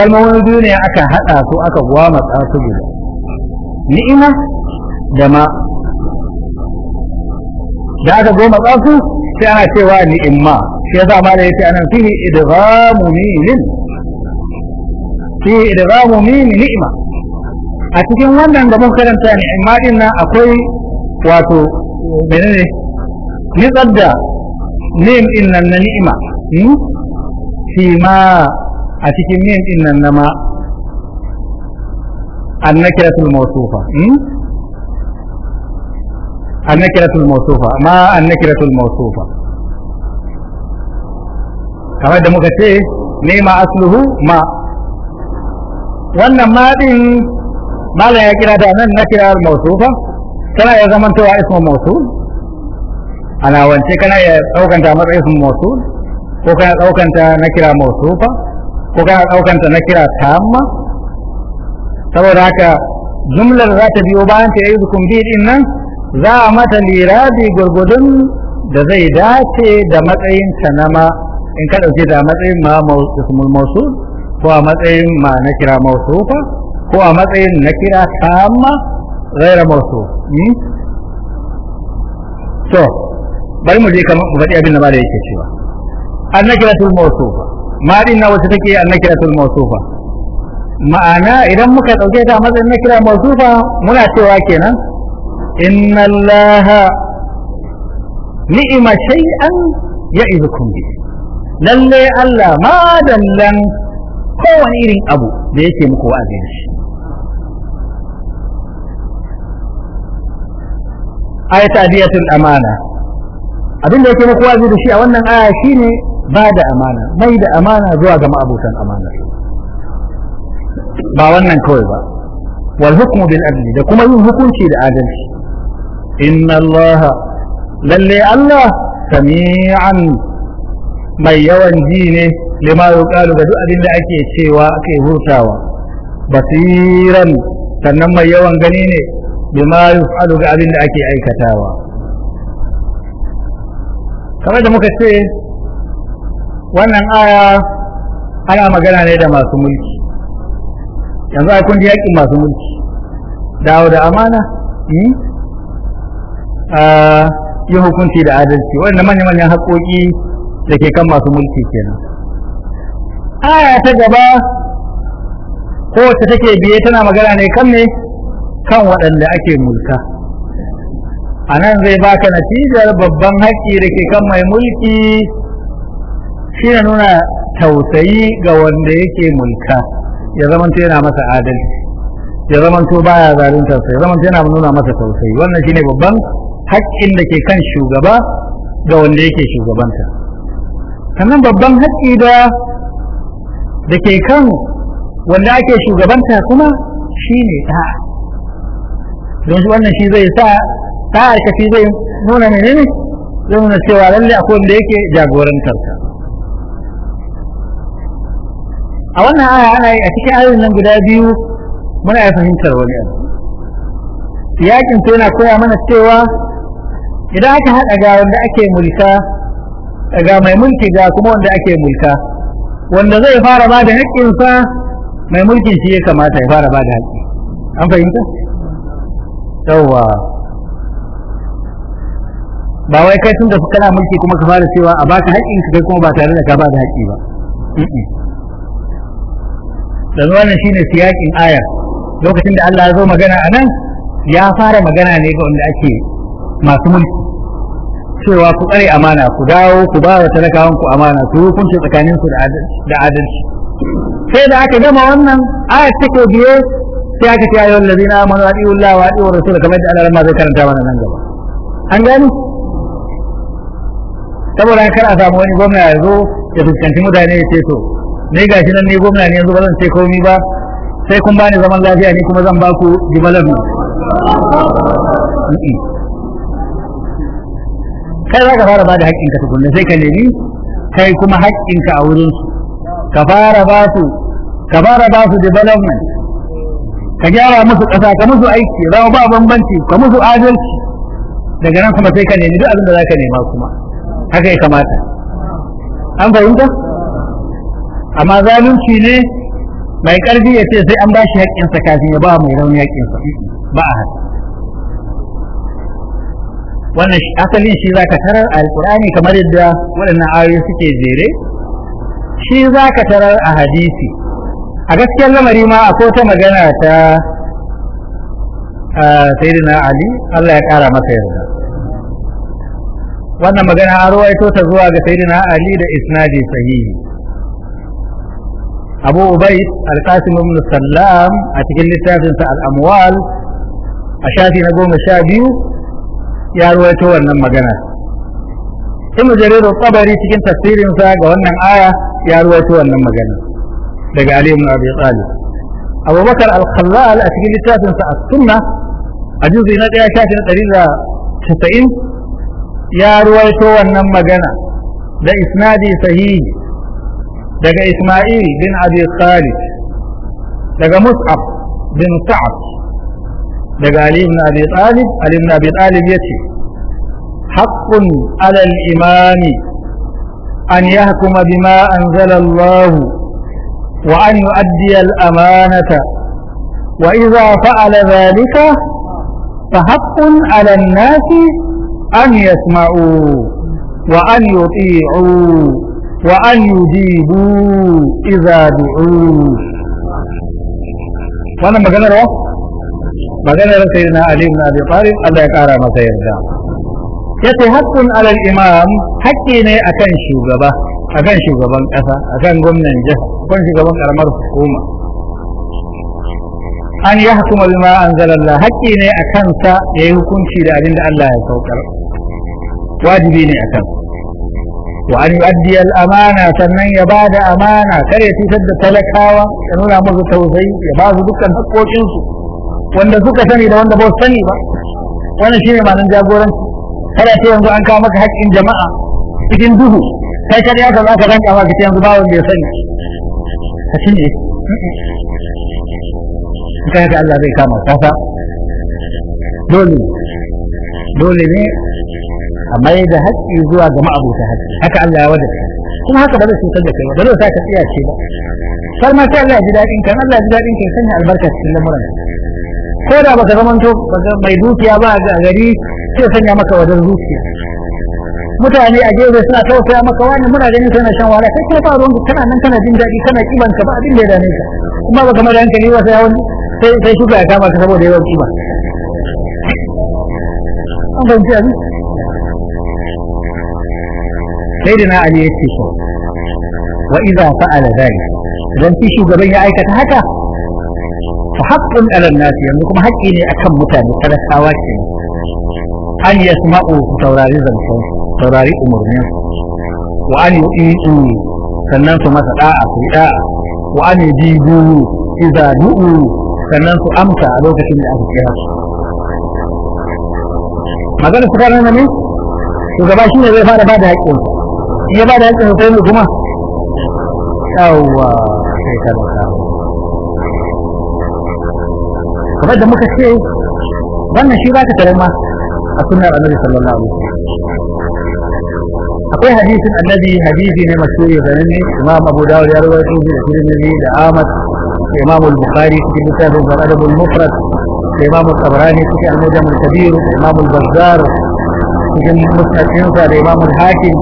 kalmomin biyu ne aka haɗa su aka matsa su guda ni'ima da ma da aka goma su sai ana cewa ni'imma sai ya zama da ce anan fihi idghamu minin fihi idghamu min ni'ima a cikin wannan da mun karanta ni'imma din nan akwai wato menene nitsar da mim din nan na ni'ima fi hmm? ma a cikin mim din nan na ma annakiratul mawsufa hmm? annakiratul mawsufa ma annakiratul mawsufa kamar da muka ce nema asluhu ma wannan ma din malam ya kira da nan nakira al-mawsufa tana ya zamantowa ismu mawsul ana wance kana ya daukanta matsayin mausul ko kana daukanta na kira mausufa ko kana daukanta na kira tamma saboda haka jumlar za ta biyo bayan ta yi zukun biyu din nan za a mata lirabi gurgudun da zai dace da matsayin ta na ma in ka dauke da matsayin ma ismul mausul ko a matsayin ma na kira mausufa ko a matsayin na kira tamma غير موصوف to bari mu je kamar mu faɗi abin da ba da yake cewa annakiratul mawsufa ma din na wacce take annakiratul mawsufa ma'ana idan muka dauke ta matsayin nakira mawsufa muna cewa kenan inna allaha ni'ima shay'an ya'izukum bi lalle Allah ma dallan kowane irin abu da yake muku wa'azi da shi ayat adiyatul amana abinda yake muku wazi da shi a wannan aya shine ba da amana mai da amana zuwa ga ma'abutan amana ba wannan kawai ba wal hukmu bil adli da kuma yin hukunci da adalci inna allaha lalle allah sami'an mai yawan ji ne lima yuqalu ga duk abin da ake cewa ake hurtawa basiran sannan mai yawan gani ne bima yuqalu ga abin da ake aikatawa kamar da muka ce wannan aya ana magana ne da masu mulki yanzu a kun yaƙin masu mulki dawo da amana hmm? yi hukunci da adalci wanda manya-manyan haƙoƙi da ke kan masu mulki kenan aya ta gaba kowace take biye tana magana ne kan ne kan waɗanda ake mulka a nan zai baka natijar babban haƙƙi da ke kan mai mulki shi na nuna tausayi ga wanda yake mulka ya zamanto yana masa adalci ya zamanto baya zalunta sai ya zamanto yana nuna masa tausayi wannan shine babban haƙƙin da ke kan shugaba ga wanda yake shugabanta sannan babban haƙƙi da da ke kan wanda ake shugabanta kuma shine ta don wannan shi zai sa ta aikaci zai nuna ne zai nuna cewa lalle akwai wanda yake jagorantar ka a wannan aya ana yi a cikin ayoyin nan guda biyu muna ya fahimtar wani abu yakin ta yana koya mana cewa idan aka haɗa ga wanda ake mulka ga mai mulki ga kuma wanda ake mulka wanda zai fara ba da haƙƙinsa mai mulkin shi ya kamata ya fara ba da haƙƙi an fahimta yawwa ba wai kai tun da kana mulki kuma ka fara cewa a baka haƙƙin ka kai kuma ba tare da ka ba da haƙƙi ba dan wannan shine siyakin aya lokacin da Allah ya zo magana a nan ya fara magana ne ga wanda ake masu mulki cewa ku tsare amana ku dawo ku ba wa talakawan ku amana ku hukunci tsakanin su da adalci sai da aka gama wannan aya take biye sai aka ce ayyuhal ladina amanu atiullaha wa atiur rasul kamar da Allah ma zai karanta mana nan gaba an gani saboda kar a samu wani gwamna ya zo ya fuskanci mutane ya ce to ni gashi nan ni gwamna ne yanzu ba zan ce komi ba sai kun bani zaman lafiya ni kuma zan baku development kai za ka fara ba da haƙƙinka tukunna sai ka nemi kai kuma haƙƙinka a wurin su ka fara ba su ka fara ba su development ka gyara musu ƙasa ka musu aiki zama ba bambanci ka musu adalci daga nan kuma sai ka nemi duk abin da za ka nema kuma haka ya kamata an fahimta amma zalunci ne mai karfi ya ce sai an ba shi haƙƙinsa kafin ya ba mai rauni haƙƙinsa ba a haka wannan asalin shi zaka tarar Alƙur'ani kamar yadda waɗannan ayoyi suke jere shi zaka tarar a hadisi a gaskiyar lamari ma akwai ta magana ta ah, sayyidina ali Allah ya ƙara masa yarda wannan magana an rawaito ta zuwa ga sayyidina ali da isnadi sahihi abu ubayd al-qasim ibn sallam a cikin littafin sa al-amwal a shafi na goma sha biyu ya rawaito wannan magana ibn jarir al-tabari cikin tafsirin sa ga wannan aya ya rawaito wannan magana daga ali ibn abi talib abu bakar al-khallal a cikin littafin sa as-sunna a juzu na daya shafi na 190 يا رواية النمجنة ده إسنادي صحيح ده إسماعيل بن أبي خالد ده مصعب بن سعد ده علي بن أبي طالب علي بن أبي طالب يتي حق على الإمام أن يحكم بما أنزل الله وأن يؤدي الأمانة وإذا فعل ذلك فحق على الناس أن يسمعوا وأن يطيعوا وأن يجيبوا إذا دعوا وأنا مجنر مجنر سيدنا علي بن أبي طالب الله يكارى ما سيرجع yace hakkun alal imam hakki ne akan shugaba akan shugaban kasa akan gwamnan jiha akan shugaban karamar hukuma an yahkuma bima anzalallah hakki ne akan sa yayi hukunci da abin da Allah ya saukar wajibi ne a kan wa an yi al-amana sannan ya ba da amana kar ya cutar da talakawa ya nuna musu tausayi ya ba su dukkan haƙoƙinsu wanda suka sani da wanda ba su sani ba wannan shine ma'anar jagoranci kada ce yanzu an kawo maka haƙƙin jama'a cikin duhu kai kada ya san aka ranka maka ce yanzu ba wanda ya sani ka shine kai ka Allah zai kama kasa dole dole ne a mai da haƙƙi zuwa ga ma'abuta haƙƙi haka Allah ya wada kuma haka ba zai cutar da kai ba zai sai ka tsaya ce ba kar ma sai Allah ya ji daɗin kan Allah ya ji daɗin kan sanya albarka cikin lamuran ko da baka zamanto mai dukiya ba a gari sai sanya maka wajen zuciya mutane a gefe suna tausaya maka wani muna ganin sai na shan wahala kai kuma ba ruwan kana nan kana jin daɗi kana kiban ka ba abin da ya dame ka kuma baka mai da hankali ba sai wani sai sai shuka ya kama ka saboda yawan kiba an fahimci abin sayyidina ali ya ce so wa idza fa'ala dhalik idan shi shugaban ya aikata haka fa haqqun 'ala an-nas yanzu kuma haƙƙi ne akan mutane talakawa ke an yasma'u taurari zancen taurari umurnin wa an yu'itu sannan su masa da'a su da'a wa an yujibu idza du'u sannan su amsa a lokacin da aka kira su magana su kana ne shugaba shine zai fara bada haƙƙinsa ya ba da haƙƙin Hussein kuma yawwa sai ka maka kamar da muka ce wannan shi ba ta karama a sunnar annabi sallallahu alaihi wasallam akwai hadisin annabi hadisi ne mashhuri zanne imam abu dawud ya rawaito shi da tirmidhi da ahmad da imam al-bukhari cikin littafin al-adab al-mufrad da imam al-tabrani cikin al-mujam al-kabir da imam al-bazzar cikin musnadinsa da imam al-hakim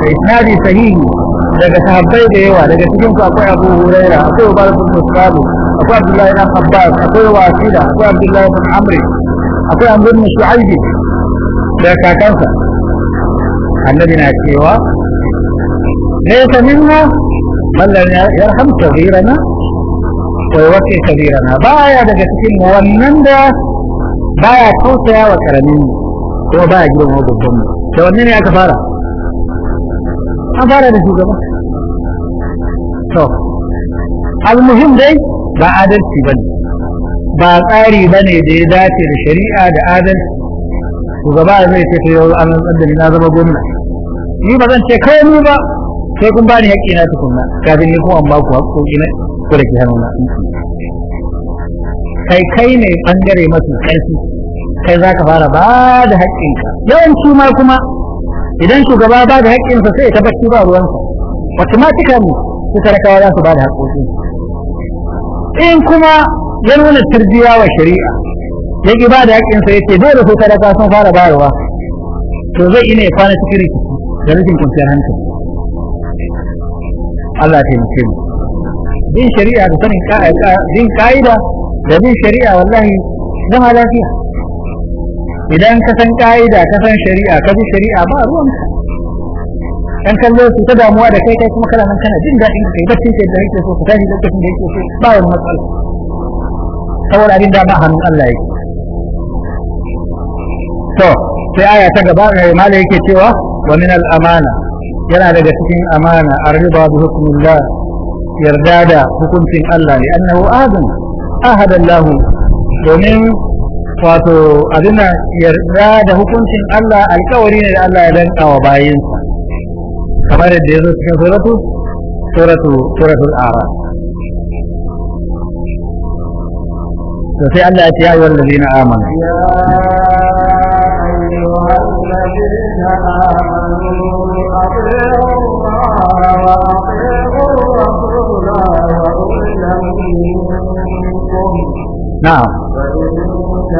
da isnadi sahihi daga sahabbai da yawa daga cikin su akwai Abu Huraira akwai Ubayd bin Mus'ab akwai Abdullahi bin Abbas akwai Wasila akwai Abdullahi bin Amr akwai Amr bin Shu'aib da kakansa annabi na cewa laysa minna man lam yarham saghirana wa yuwaqi kabirana baya daga cikin wannan da baya tausaya wa karamin ko baya girma babban da wannan ne aka fara an fara da shugaba to almuhim dai ba adalci ba ba tsari ba ne da ya dace da shari'a da adalci shugaba zai ce ta yau an tsaddani na zama gwamna ni ba zan ce kai ni ba sai kun bani haƙƙi na tukunna kafin ni kuma amma ku haƙƙoƙi na ku da ke hannuna kai kai ne bangare mafi ƙarfi kai za ka fara ba da haƙƙinka yawanci ma kuma idan shugaba ba da haƙƙinsa sai ta bacci ba ruwansa automatically su talakawa za su ba da haƙƙoƙi in kuma ya nuna tarbiyya wa shari'a ya ki ba da haƙƙinsa ya ce dole su talakawa sun fara bayarwa to zai ina ya kwana cikin rikici da rikin kwanciyar hankali Allah taimake mu bin shari'a da sanin bin ka'ida da bin shari'a wallahi zama lafiya idan ka san ka'ida ka san shari'a ka bi shari'a ba ruwan an kallo su ta damuwa da kai kai kuma kana nan kana jin daɗin kai baccin kai da yake so ku tashi lokacin da yake so ba wani matsala saboda abin da ba hannun Allah yake to sai aya ta gaba mai eh, mala yake cewa wa min al amana yana daga cikin amana arriba bi hukmillah yarda da hukuncin Allah ne annahu adam ahada lahu domin wato abin da yarda da hukuncin Allah alkawari ne da Allah ya danka wa bayinsa kamar yadda ya zo cikin suratu suratu suratul araf to sai Allah ya ce ya ayyuhal ladina amanu ya ayyuhal ladina amanu نعم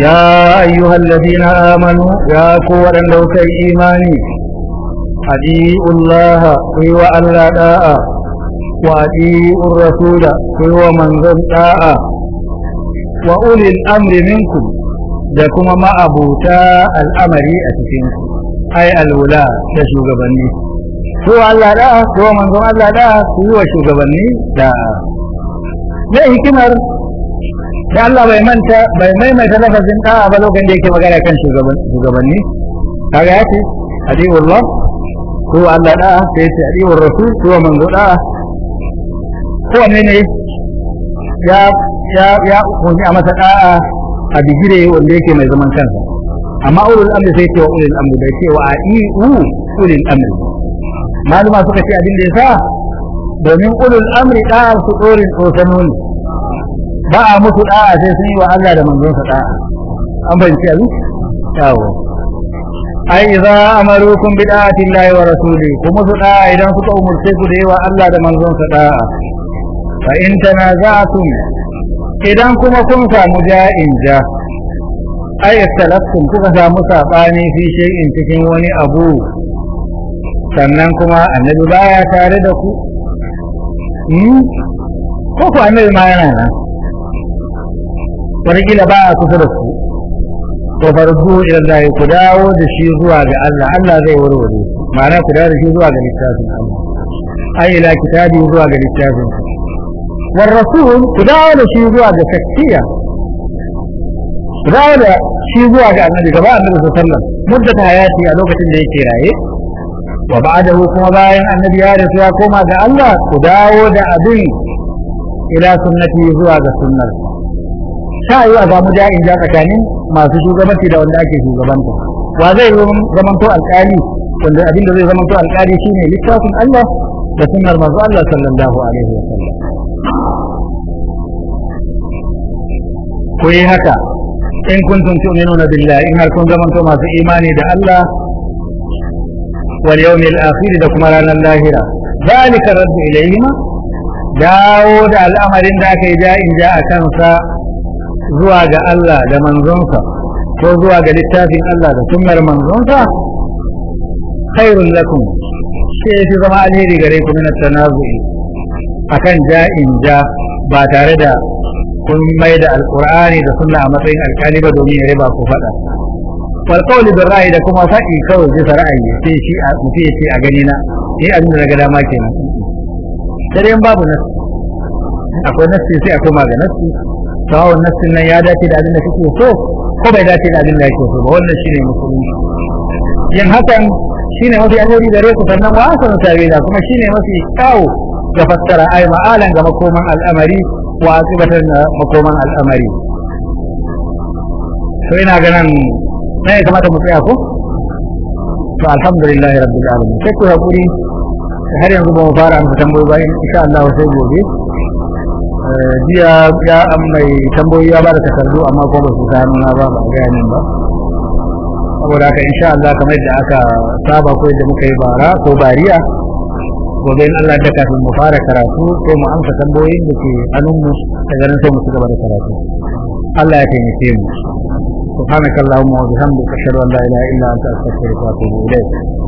يا أيها الذين آمنوا يا قوة لوك إيماني أديئوا الله قوى ألا داء وأديئوا الرسول قوى من ذن داء وأولي الأمر منكم لكم ما أبوتا الأمر أتكنكم أي الولاء تشوق بني هو ألا داء هو من ذن ألا داء هو شوق بني داء لا هكمر sai Allah bai manta bai maimaita lafazin da'a ba lokacin da yake magana kan shugabanni kaga ya ce adiwullah ko Allah da sai ce adiwur rasul ko manzo da'a ko ne ya ya ya ne a masa da a digire wanda yake mai zaman kansa amma ulul amri sai ce ulul amri bai ce wa u ulul amri maluma suka ce abin da yasa domin ulul amri da'ar su dorin sanuni ba a musu da'a sai sun yi wa Allah da manzon sa da'a an ce abin yawo ai idza amarukum bi da'ati llahi wa rasuli kuma su da'a idan suka umurce ku da yi Allah da manzon sa da'a fa in tanaza'tum idan kuma kun samu ja'in ja ai ikhtalaftum kuka samu sabani fi shay'in cikin wani abu sannan kuma annabi baya tare da ku hmm? ko ku annabi ma yana nan wataƙila ba a kusa da su to farzu ila Allah ku dawo da shi zuwa ga Allah Allah zai warware ma'ana ku dawo da shi zuwa ga littafin Allah ai ila kitabi zuwa ga littafin war rasul ku dawo da shi zuwa ga takfiya ku dawo da shi zuwa ga annabi gaba annabi sallallahu alaihi wasallam muddat hayati a lokacin da yake raye wa ba'dahu kuma bayan annabi ya rasu ya koma ga Allah ku dawo da abin ila sunnati zuwa ga sunnarsa ta yi a samu ja'in ja tsakanin masu shugabanci da wanda ake shugabanta wa zai zamanto alƙali wanda abin da zai zamanto alƙali shine littafin Allah da sunnar manzo Allah sallallahu alaihi wa sallam ku yi haka in kuntum tu'minuna billahi in har kun zamanto masu imani da Allah wal yawmil akhir da kuma ranar lahira zalika raddu ilayhima dawo da al'amarin da aka yi ja in ja a kansa zuwa ga Allah da manzonsa ko zuwa ga littafin Allah da sunnar manzonsa khairun lakum sai ya zama alheri gare ku min tanazu'i akan ja'in ja ba tare da kun mai da alqur'ani da sunna a matsayin alƙali domin ya riba ku faɗa wal qawli bil ra'yi da kuma faɗi kawai bisa ra'ayi sai shi a mutum ce a gani na ni abin da daga dama kenan sai babu nasi akwai nasi sai a koma ga nasi tawon nassin nan ya dace da abin da kake so ko bai dace da abin da kake so ba wannan shine musulunci yin hakan shine mafi alheri gare ku sannan wa asanu tawila kuma shine mafi kyawu ga fassara ai ma'alan ga makoman al'amari wa asibatar na makoman al'amari to ina ganin nan ya kamata mu tsaya ko to alhamdulillahi rabbil alamin sai ku hakuri har yanzu ba mu fara amsa tambayoyi ba insha Allah sai gobe Eh, jiya ya an mai tambayoyi ya bada takardu amma kuma su ta nuna ba ba ga ba saboda haka insha Allah kamar yadda aka saba ko yadda muka yi bara ko bariya gobe in Allah da kafin mu fara karatu sai mu amsa tambayoyin da ke mu daga nan sai mu ci gaba da karatu Allah ya taimake mu سبحانك اللهم وبحمدك اشهد ان لا اله الا انت استغفرك واتوب اليك